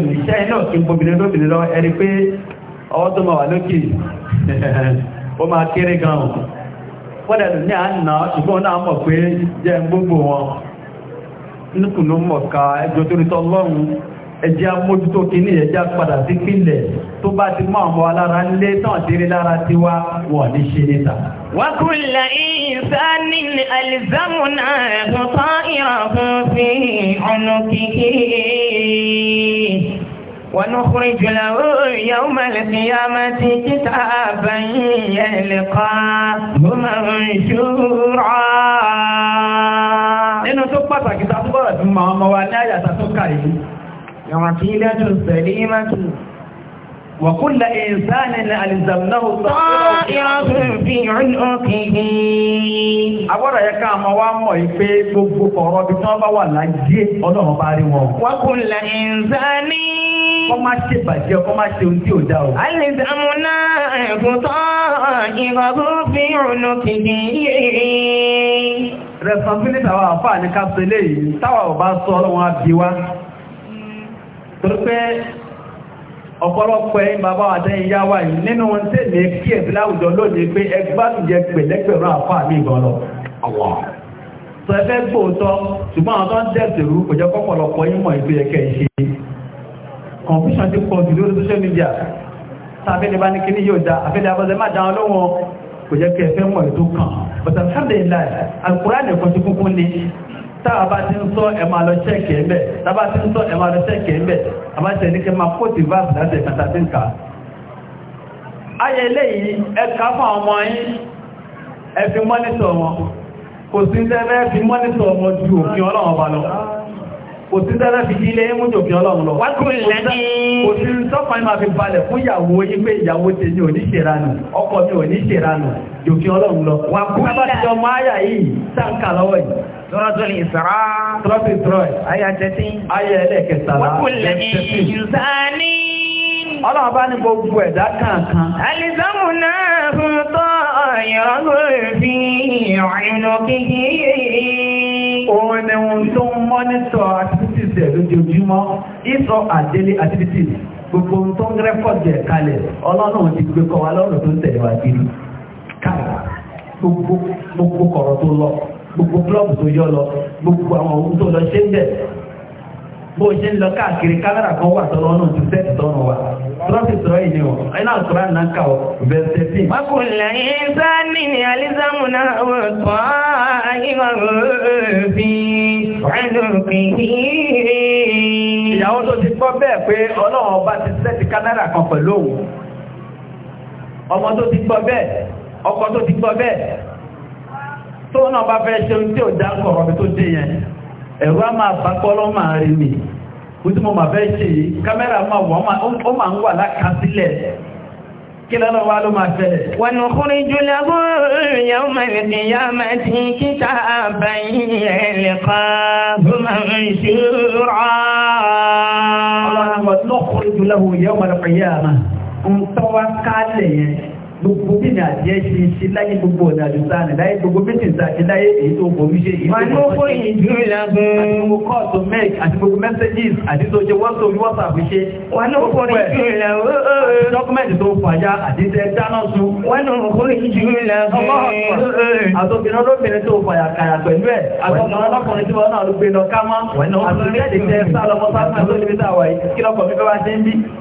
ń bóbìnrin lóbìnrin lọ ẹni pé ọwọ́ tó máa wà lókè ó máa kéré gan-an ní ẹjẹ́ amójútó kìíní ẹjẹ́ padà sí pínlẹ̀ tó bá ti mọ́ àwọn alára lé tàn tírí lára tí wá wọ̀n ní ṣe níta. wa kulla insanin alzamnahu ta'irahu fi unuqihi ونخرج له يوم القيامة كتابا يلقاه منشورا nínú tó pàtàkì tàbí bọ́rọ̀ tí ma ọmọ wa ní àyàtà tó kàrí العقيدة السليمة وكل إنسان ألزمناه طائرة في عنقه Àwọ́rọ̀ yẹ ká máa wá mọ̀ ìpé gbogbo ọ̀rọ̀ bí tí wọ́n bá wà láyé ọlọ́run bá rí wọn. Wa kulla insani. Kọ́ máa ṣe bàjẹ́ kọ́ máa ṣe ohun tí ò dá o. Alzamna ta'iratu fi unukihi. Responsibility àwọn àǹfààní ká ṣe léyìí, táwa ò bá sọ ọlọ́run á bí wá torí pé ọ̀pọ̀lọpọ̀ ẹ̀yin bàbá àtẹ́yìn yá wà yìí nínú wọn tí èmi kí ẹ̀bí láwùjọ lónìí pé ẹgbá ti jẹ pẹ̀lẹ́pẹ̀rún àfáà mi gan lọ sọ ẹgbẹ́ gbòótọ́ ṣùgbọ́n àwọn tó ń tẹ̀sì rú kò jẹ́ kọ́pọ̀lọpọ̀ yín mọ̀ ìgbé ẹ̀kẹ́ ṣe confusion ti pọ̀ jù lórí social media sáfẹ́lẹ̀ bá ní kí ní yóò dá àfẹ́lẹ̀ abọ́sẹ̀ má dáwọn lóhun kò jẹ́ kẹfẹ́ mọ̀ ètò kan but alhamdulillah alukura nìkan ti kúkú ní a bá ti ń sọ ẹ máa lọ ṣẹ́ẹ̀kì ńbẹ̀ táwa bá ti ń sọ ẹ máa lọ ṣẹ́ẹ̀kì ńbẹ̀ àbáṣẹ ní kí máa kó ti láti ẹ̀kàtà fún ọmọ yín ẹ fi mọ́nítọ̀ wọn kò sí tẹ́lẹ̀ fi mọ́nítọ̀ wọn ju òfin ọlọ́run bá lọ kò fi ilé mú ju òfin ọlọ́run lọ. kò sí máa fi balẹ̀ fún ìyàwó ti Suratul Isra. Suratul Isra. Aya tẹ́tí. Aya ẹlẹ́kẹtàlá. Wa kullu insani. bá ní gbogbo ẹ̀dá kankan. Àlìsàmù náà fún tọ́ ìrọ́gùn Gbogbo tó ń rẹ́kọ̀dì ẹ̀ Ọlọ́run ti gbé kọ́ lọ́rùn tó ń tẹ̀lé wa Káàkiri. Gbogbo kọ̀rọ̀ tó lọ gbogbo klọ́ọ̀bù tó yọ lọ gbogbo àwọn ohun tó lọ ṣe ń bẹ̀ bó ṣe ń lọ káàkiri kámẹ́rà kan wà tọ́lọ́ náà ti sẹ́ẹ̀tì tọ́nà wa tọ́lọ́sì tọ́ ìní ọ̀ iná àkùrá náà kà ọ́ bẹ̀rẹ̀ sí. wákùnlẹ̀ ìṣá ní ní alizamu náà wọ́n tọ́ ayíwá fi ẹnùkìn ìyàwó tó ti gbọ́ bẹ́ẹ̀ pé ọlọ́run ọba ti sẹ́ẹ̀tì kámẹ́rà kan pẹ̀lú òun ọmọ tó ti gbọ́ bẹ́ẹ̀ ọkọ tó ti gbọ́ bẹ́ẹ̀ tó náà bá fẹ́ ṣe tí ò dá kọ̀rọ̀ tó dé yẹn ẹ̀rọ a máa sàkọ́lọ́ máa rí mi kú tí mo máa fẹ́ ṣe yìí kámẹ́rà máa wọ́n ó máa ń wà lákàásílẹ̀ kí lọ́nà wá ló máa fẹ́ wọn ní yá jùlọ gbogbo bí ní àti ẹ́ ṣe ṣe láyé gbogbo ọ̀nà àjùsá nì láyé gbogbo méjì ìsáṣe láyé èyí tó borí ṣe èyí tó borí ṣe èyí tó borí ṣe àti gbogbo messages àti tó ṣe wọ́n tó rí whatsapp ṣe wọ́n tó borí jùlọ dọ́kúmẹ́ntì tó fàyà àti tẹ dáná sun wọ́n tó borí jùlọ àtòkìnà olóbìnrin tó fàyà kàyà pẹ̀lú ẹ̀ àtòkìnà ọlọ́kùnrin tí wọ́n náà ló gbé lọ ká mọ́ àtòkìnà ẹ̀dẹ̀kẹ́ sálọmọ́sá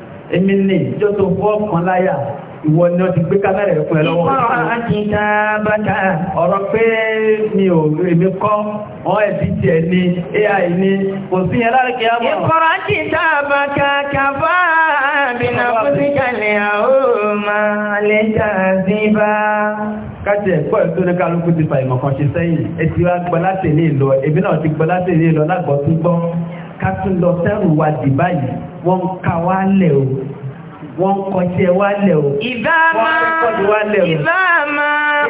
èmi ní ìjọ tó fọ́ kan láyà ìwọ ni ó ti gbé kámẹ́rẹ̀ ẹ̀kùn ẹ̀ lọ́wọ́. ọ̀rọ̀ pé mi ò èmi kọ́ wọ́n ẹ̀bí jẹ́ ní ai ní kò sí yẹn lára kí á mọ̀. ìkọ̀rọ̀ ti dáàbà kàkàfà bínà fúsíkàlẹ̀ àhóòmà lè jàzí bá. káti ẹ̀kọ́ ẹ̀ tó ní kálukú ti fa ìmọ̀ kan ṣe sẹ́yìn ẹ ti wá gbọ́lá tèlé lọ èmi náà ti gbọ́lá tèlé lọ lágbọ́ tún gbọ́ ká tún lọ sẹ́rù wa dì báyìí wọ́n ń ka wá lẹ̀ o wọ́n ń kọjẹ́ wá lẹ̀ o. ìdáàmà ìdáàmà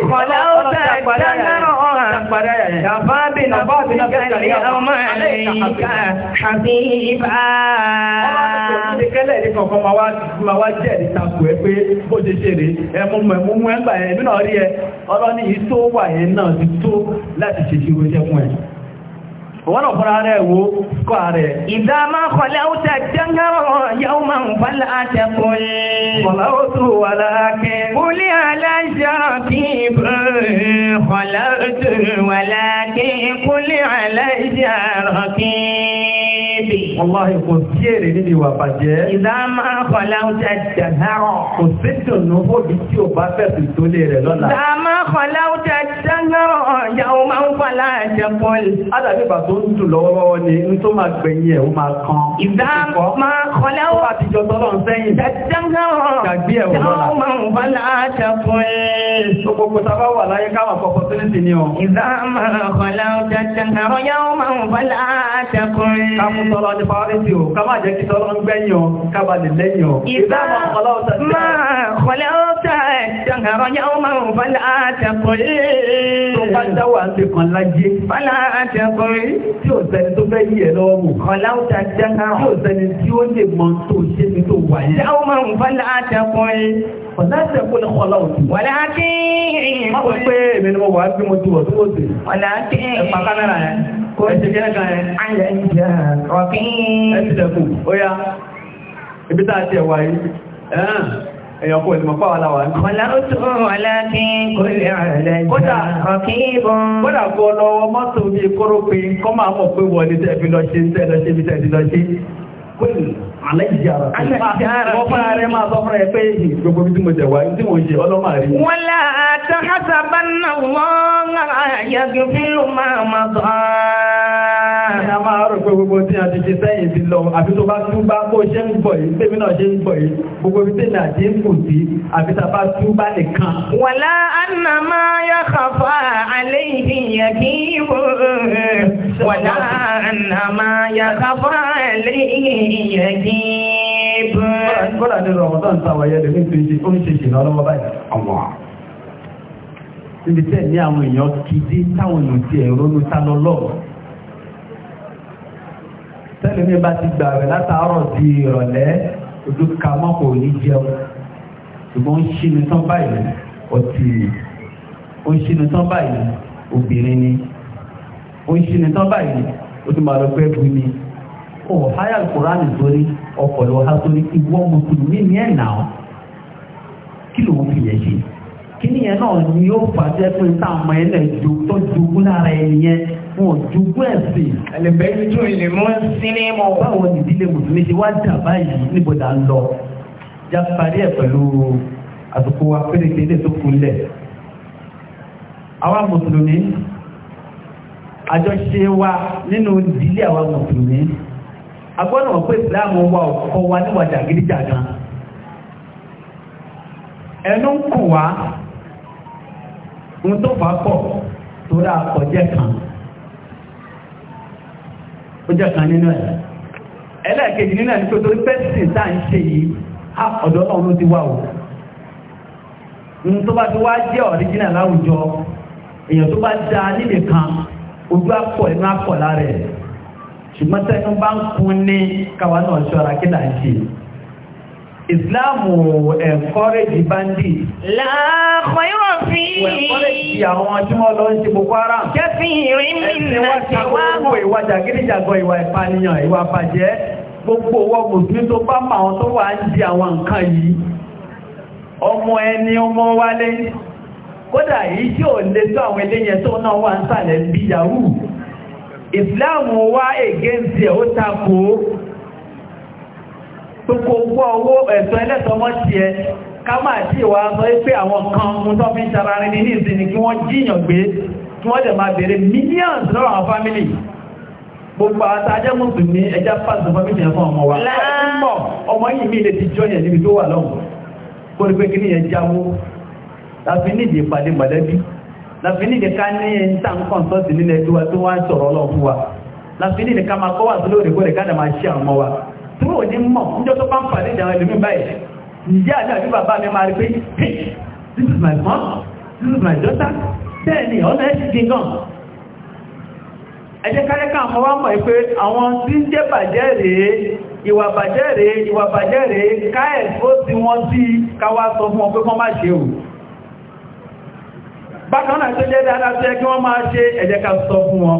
kọ̀lá ó tẹ̀ dáná ọ̀hán. Yàbá bí na bá bí na kẹ́lẹ̀ ní ọmọ ẹ̀yìnká àbí ibà. Ọlọ́pàá ti kẹ́lẹ̀ ní kọ̀ọ̀kan máa wá jẹ́ ìtakò ẹ pé bó ṣe ṣe rè é mú mú ẹmú ẹgbà ẹ̀ nínú ọ̀rí ẹ ọlọ́ni yìí tó wà yẹn náà ti tó láti ṣe ṣe oúnjẹ fún ẹ wọ́n lọ fọ́ra rẹ̀ wo kọ́ rẹ̀. ìdá máa kọ̀lẹ̀ ó tẹ̀ jẹ́ngàrọ̀ yóò ń fọ́lá àtẹ́kùn Wọ́láhì kò sí èrè níbi ìwà bàjẹ́. Ìdá máa kọ̀lá oúnjẹ àjàgárọ̀. Kò sí dùnú fòbí tí ò bá fẹ̀sùn tó lè rẹ̀ lọ́la. Ìdá máa kọ̀lá oúnjẹ àjàgárọ̀ ọ̀jà ó máa ń kọ̀lá àjẹpọ̀lì. Ádàbí ìgbà tó ń dùn lọ́wọ́lọ́wọ́ máa gbẹ̀yìn bá ti jọ tọ́lọ́ ti parí sí o ká máa jẹ́ kí tọ́lọ́ ń gbẹ́yàn kába lè lẹ́yàn ìbá máa kọlẹ́ ọ́ta ṣàǹkàrọ̀ yá ó máa ń fọ́lá àtẹ̀kọ̀rí tó bá dáwà ní tó wà kí ìrìn. Má wọ́n pé ni mo wà á bí mo ti wọ̀ tó wọ́n ti. Ọ̀lá kí ìrìn. Ẹ̀pà kámẹ́rà yẹn ẹ̀ṣẹ̀ kẹ́lẹ́ kan ẹ̀. Àyẹ̀ ń jẹ́ rọ̀kín. Ẹ ti dẹ̀kù, ó yá. Ibi tá a ti ẹ̀wà yìí. Ẹ̀yàn kò ní mọ̀ pàwà láwà ní. Ọ̀lá ó tó ọ̀lá kí kò lè rẹ̀ jẹ́ rọ̀kín. Kódà kó lọ́wọ́ mọ́tò bíi kóró pé kọ́ máa mọ̀ pé wọlé tẹ́ fi lọ ṣe ń tẹ́ lọ ṣe bí tẹ́ ti lọ ṣe. Pẹ̀lú aláìjára. Aláìjára. Wọ́n fún ààrẹ máa sọ fún ẹ pé gbogbo bí tí mo jẹ̀ wá tí mo ṣe ọlọ́mà rí. Wọ́n lá àtàkásà bá náà wọ́n lára yàgbé fílù máa ma sọ ààrẹ. Àwọn arò pé gbogbo tí a ti ṣe sẹ́yìn ti lọ, àfi tó bá tún bá bó ṣe ń bọ̀ yìí, bébí náà ṣe ń bọ̀ yìí, gbogbo ibi tí ìlà ti ń kù sí, àfi tá a bá tún bá nìkan. Wàlá àná máa yá kàfà àlẹ́ ìdíyà kí wò. Wàlá àná máa yá kàfà àlẹ́ ìdíyà kí wò. Bọ́lá ní Rọ̀mọ́tàn tàwáyé lè ní ìpínlẹ̀ ó ń ṣe ìṣìnà ọlọ́wọ́ báyìí níbi tẹ́ ní àwọn èèyàn kìdí táwọn èèyàn ti ẹ̀rọ ní sálọ lọ́wọ́ tẹ́lẹ̀ mi bá ti gbà rẹ̀ látàárọ̀ di ìrọ̀lẹ́ ojú ka mọ́ kò ní jẹun ṣùgbọ́n ń ṣinu tán báyìí ọtí ó ń ṣinu tán báyìí obìnrin ni ó ń ṣinu tán báyìí ó ti máa lọ pẹ́ bu ni ó háyà kúránì sórí ọkọ̀ lọ́wọ́ há sórí ìwọ́ mùsùlùmí ni ẹ̀ nà ọ́ kí lòun fi yẹ ṣe kíní yẹn náà ni ó fàájẹ́ pé táàmù ẹ̀ lẹ̀ jò tó jogún lára ẹni yẹn wọn ò jogún ẹ̀sìn. ẹlẹ́bẹ̀ yìí tún ilé mú sílé mọ́. báwo ni ìdílé mùsùlùmí ṣe wá dà báyìí níbodà ń lọ já parí ẹ̀ pẹ̀lú àsìkò wa péréte ilé tó kúnlẹ̀. àwa mùsùlùmí àjọṣe wa nínú ìdílé àwa mùsùlùmí agbọ́nà pé ìsìláàmù wa ọkọ̀ wa níwàjà gidi jàgan ẹnu kù wá ohun tó fà pọ̀ torí àkọ́jẹ́ kan ó jẹ́ kan nínú ẹ̀ ẹlẹ́ẹ̀kejì nínú ẹ̀ ní pẹ̀tọ́ pẹ́sìn tá ń ṣe yìí á ọ̀dọ́ ọ̀run ti wà tó bá ti wá jẹ́ ọ̀ríjìnà láwùjọ èèyàn tó bá da nílé kan ojú àpọ̀ inú àpọ̀ lára ẹ̀ ṣùgbọ́n tẹ́nu bá ń ìsìláàmù ẹ̀kọ́rẹ́jì báńdì. láàkọ̀ yóò fi ẹ̀kọ́rẹ́jì àwọn tí wọ́n lọ ń ṣe Boko Haram. jẹ́ fi ìrìn nínú ti wá mọ̀. ìwà jàgídíjàgan ìwà ìpànìyàn ìwà bàjẹ́ gbogbo owó mùsùlùmí tó bá mọ àwọn tó wà ń di àwọn nǹkan yìí ọmọ ẹni ọmọ wálé kódà yìí tí ò lè tó àwọn eléyẹn tó náà wà ń sàlẹ̀ bí yahoo ìsìláàmù wá ègéǹsì ẹ̀ ó takò tó kó gbọ́ owó ẹ̀tọ́ ẹlẹ́tọmọ́ sí ẹ ká máa sí ìwà sọ pé àwọn kan mú tó fi ṣara rí ní ìsìn ni kí wọ́n jíyàn gbé kí wọ́n dẹ̀ máa bèèrè millions lọ́rọ̀ àwọn family gbogbo àtàjẹ́ mùsùlùmí ẹjá pàṣẹ family ẹ̀fọ́ ọmọ wa ọmọ yìí mi lè ti jọ yẹn níbi tó wà lọ́wọ́ kó ní pé kí ní yẹn jáwó láfi nídìí ìpàdé mọ̀lẹ́bí láfi nídìí ká ní ẹni tá ń kàn sọ́ọ̀tì nílẹ̀ tí wa tó wá ń sọ̀rọ̀ ọlọ́run fún wa láfi nídìí ká máa tí wọ́n ní mọ̀ níjọ́ tó pàǹpà ní ìjà ẹlòmí báyìí ìyá àti àbí bàbá mi máa rí pé this is my mom this is my daughter bẹ́ẹ̀ ni ọ̀nà ẹ̀ ti di gan ẹjẹ́ kárẹ́kà ọmọ wá mọ̀ pé àwọn tí ń jẹ́ bàjẹ́ rèé ìwà bàjẹ́ rèé ìwà bàjẹ́ rèé káẹ̀ ó ti wọ́n sí káwá sọ fún ọ pé kọ́ má ṣe o bákan náà tó jẹ́ dáadáa tó yẹ kí wọ́n máa ṣe ẹjẹ́ ká sọ fún wọn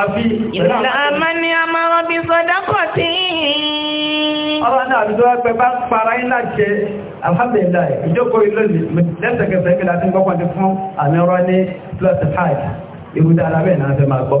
àbí ìlànà ni a máa rọ́bí sọ́dápọ̀ tí ọ̀rọ̀ náà àbí tó wá pẹ́ bá para iná jẹ alhamdulillah ìjókòó ìlòlì lẹ́sẹ̀kẹsẹ̀ kí láti gbọ́pọ̀ ti fún àmì ọ̀rọ̀ ní plus 5 ìhùdá alábẹ̀ náà fẹ́ máa gbọ́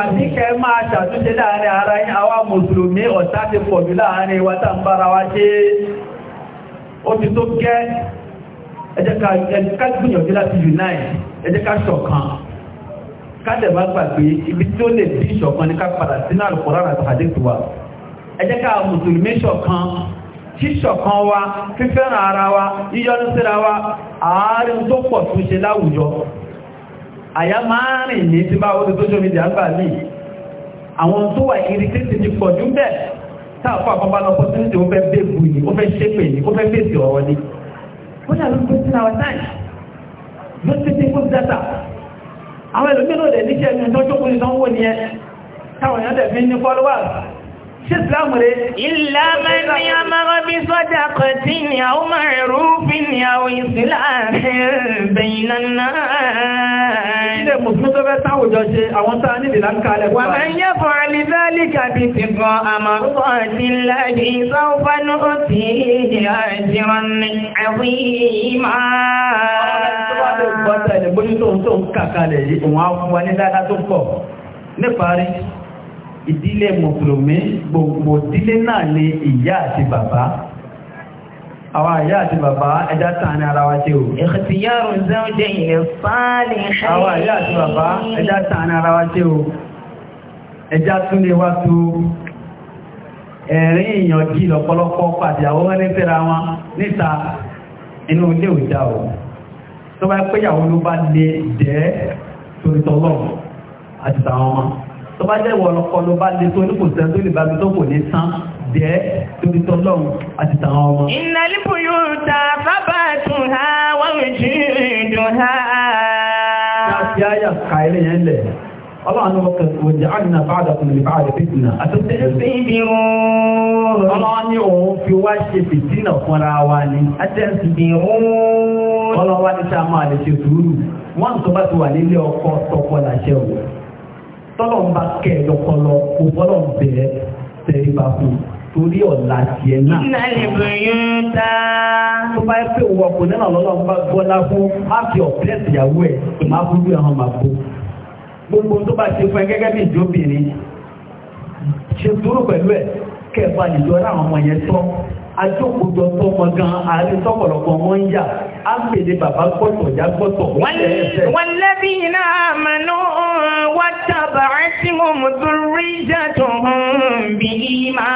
àti kẹ máa ṣàtúnṣe láàrin ara yín àwa mùsùlùmí ọ̀tá ti pọ̀ jù láàrin wa tá ń bára wa ṣe ó ti tó gẹ́ ẹ jẹ́ ká gbìyànjú láti unite ẹ jẹ́ ká ṣọ̀kan kádẹ̀bá gbàgbé ibi tí ó lè bí ìṣọ̀kan ní ká padà sínú Al-Qur'an àti Hadith wa ẹ jẹ́ ká mùsùlùmí ṣọ̀kan ṣíṣọ̀kan wa fífẹ́ràn ara wa yíyọ́nú síra wa àárín tó pọ̀ tún ṣe láwùjọ àyá máa rìn ní tí bá ó ti social media gbà ní àwọn tó wà irritated ti pọ̀ jù bẹ́ẹ̀ táàkọ́ àpapọ̀ lọ́pọ̀ tí ó fẹ́ bẹ́ẹ̀bù ní ó fẹ́ ṣépè ní ó fẹ́ bẹ́ẹ̀sì ọ̀rọ̀ ní ó dà lóko sí our time ló ti ti fún data àwọn ẹlòmíràn ò dẹ̀ níṣẹ́ ẹni tó jókòó ní sanwó ni ẹ táwọn èèyàn dẹ̀ fi ní followers ṣe ìsìláàmù rẹ̀. ìlàmẹ́ ni a máa bí sọ́jà kọ̀ tí ni a ó máa rú ni a ó ìsìlá bẹ̀yìn náà. ilé tó fẹ́ táwùjọ ṣe àwọn tá a ń kalẹ̀ fún wa. wàá yẹ fún alibali kàbí ti gan àmọ́ fún ọtí láti sáwọ́fà náà ti àjẹrán ní àwọn ìmọ̀. tó bá lè gbọ́ tẹ̀lé bójú tó ń tó ń kàkalẹ̀ yìí òun á fún wa ìdílé mùsùlùmí gbogbo ìdílé náà ní ìyá àti bàbá àwọn àyá àti bàbá ẹjá tààrin ara wa ṣe o. ìkìtìyàrùn zẹ́ọ̀dẹ̀ ilẹ̀ fàálì ṣe àwọn àyá àti bàbá ẹjá tààrin ara wa ṣe o. ẹjá tún lè wá tó ẹ̀rin ìyànjí lọ́pọ̀lọpọ̀ pàdé àwọn ẹlẹ́fẹ́ra wọn ọmọ tó bá jẹ́ ìwọ̀n ọkọ̀ ló bá lè tó ní kò sẹ́ tó lè bá mi tó kò ní sán jẹ́ torí tọ́lọ́run àti tàwọn ọmọ. ìnàlípù yóò ta bábà tún ha wọ́n mi jù ìdùn ha. láti ayà ka ilé yẹn lẹ̀ ọlọ́run ló kẹ́ kò jẹ́ àdínà báàdà kò lè báàdà fìtìnà àtúntẹ̀ ẹ̀sìn ìbírú. ọlọ́run ní òun fi wá ṣe fìtìnà fúnra wa ni. àtẹ̀sìn ìbírú. ọlọ́run wá ní sáà máa lè ṣe sùúrù wọ́n tó bá ti wà nílé ọkọ tọkọ làṣẹ òun tọ́lọ̀ ń bá kẹ̀ lọ́pọlọ kò bọ́lọ̀ bẹ̀rẹ̀ tẹríba fún torí ọ̀la tiẹ̀ náà. ìnáyẹ̀ bẹ̀rẹ̀ ta. tó bá yẹ pé òun ọkùnrin náà lọ́lọ́ ń bá gbọ́lá fún má fi ọ̀pẹ́ ìyàwó ẹ̀ tó má burú ẹ̀ hàn máa gbogbo tó bá ṣe fún ẹ gẹ́gẹ́ bí ìjóbìnrin ṣe dúró pẹ̀lú ẹ̀ kẹ́ẹ̀ bá ìjọ ajókòjọ tó mọ gan ààrẹ tọ́pọ̀lọpọ̀ wọn ń yà á pèlè bàbá gbọ́tọ̀ já gbọ́tọ̀ wọ́n lẹ́sẹ̀. wọ́n lẹ́bí iná àmàlú wá tábà tí mo mú dúrí jàdù bí ìmá.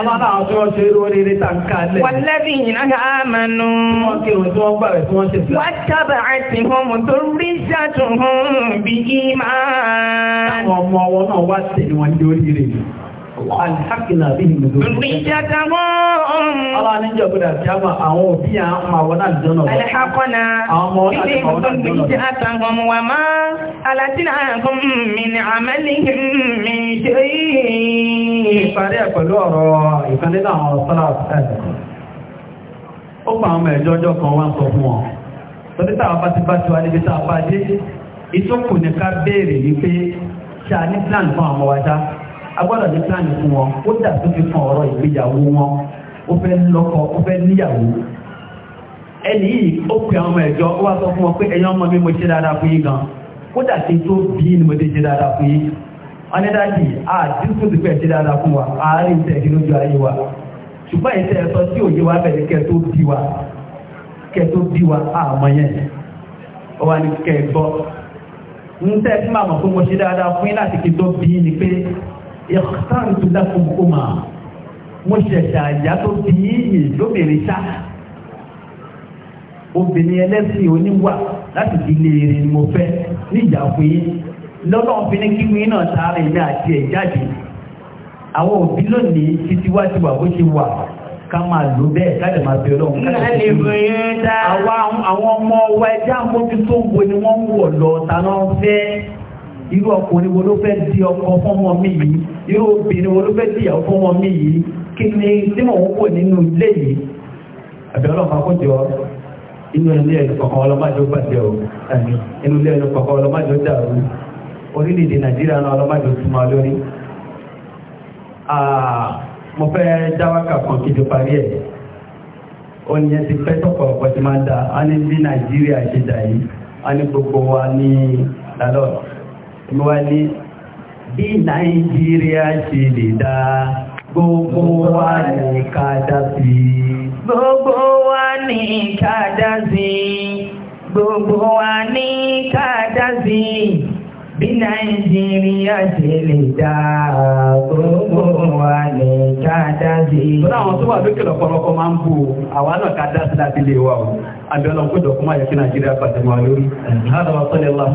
ọlọ́dà àwọn tí wọ́n ṣe irú oríire tá n wọ́n tábà tí mo mú dúrí jàdù bí ìmá. táwọn ọmọ wọn náà wá tẹ̀lé wọn lórí rẹ̀ alhakina bihi mudu. Ìjàdàmọ́. ni jẹ́ gbọ́dọ̀ kí a ma àwọn òbí yà máa wọ́n náà jọ́nà. Alhakuna. Àwọn ọmọ àti àwọn náà jọ́nà. Ìjì àtàwọn wà máa alátinà kún mi ní àmẹ́lì mi ṣe yìí. ṣe a ní plan fún àwọn wájá agbọ́dọ̀ ní pílánì fún wọn ó dà tó fi kan ọ̀rọ̀ ìgbéyàwó wọn ó fẹ́ lọ́kọ ó fẹ́ níyàwó ẹni yìí ó pè àwọn ọmọ ẹ̀jọ́ ó wá sọ fún wọn pé ẹ̀yin ọmọ mi mo ṣe dáadáa fún yín gan kódà tí tó bí ni mo ti ṣe dáadáa fún yín wọn ní dájì àdínkù ti fẹ́ ṣe dáadáa fún wa àárín tẹ̀ kí lójú ayé wa ṣùgbọ́n ìṣe ẹ̀sọ́ tí òye wa bẹ̀rẹ̀ kẹ́ tó bí wa kẹ́ tó bí wa àmọ́ yẹn ó wá ní kẹ́ gbọ́ ń tẹ́ fún màmá fún mo ṣe dáadáa fún yín láti kí tó bí ni pé ìkọ́tàrù tó dákun kó máa mo ṣẹ̀ṣẹ̀ àjà tó fi yí mi lóbìnrin ṣá obìnrin ẹlẹ́sìn oníwà láti fi lè rìn mo fẹ́ níjà fún yín lọ́nà òfin ní kíwìn náà tààrin ní àti ẹ̀ jáde àwọn òbí lónìí títí wá ti wà bó ṣe wà ká máa lò bẹ́ẹ̀ káàdì máa bẹ ọlọ́run káàdì àwọn ọmọ wa ẹjẹ́ àmójútó wo ni wọ́n ń wọ̀ lọ tàná fẹ́ irú ọkùnrin wo ló fẹ́ di ọkọ fọ́mọ mi yìí irú obìnrin wo ló fẹ́ di ìyàwó fọ́mọ mi yìí kí ni tí mò ń wò nínú ilé yìí àbí ọlọ́run máa kó jọ inú ilé ẹ̀rọ kọ̀ọ̀kan ọlọ́mọdé ó bàjẹ́ o àmì inú ilé ẹ̀rọ kọ̀ọ̀kan ọlọ́mọdé ó dàrú orílẹ̀-èdè nàìjíríà náà ọlọ́mọdé ó túmọ̀ lórí. mo fẹ́ dáwàkà kan kí n tó parí ẹ̀ oníyẹn ti fẹ́ tọ̀pọ̀lọpọ̀ ti máa ń da a ní bí nàìjíríà ṣe dà yìí a ní gbogbo wa ní lálọ́ọ̀lọ́ wálé bí nàìjíríà ṣe lè dá gbogbo wa ní kádá sí gbogbo wa ní kádá gbogbo wa ní kádá bí nàìjíríà ti lè dá gbogbo wa ní káàdá sí. Tọ́lá àwọn tó wà lókè lọ́pọ̀lọpọ̀ máa ń bù àwa náà káàdá sí láti lè wà o. Àbẹ̀lọ kó jọ kúmọ̀ yẹ̀kí Nàìjíríà pàtẹ mọ́ lórí. Hada wa sallam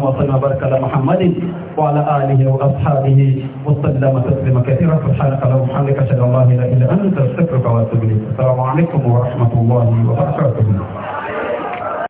wa ala alihi wa ashabihi wa sallama kathira subhanaka wa bihamdika ashhadu an la ilaha illa anta astaghfiruka wa atubu ilayk.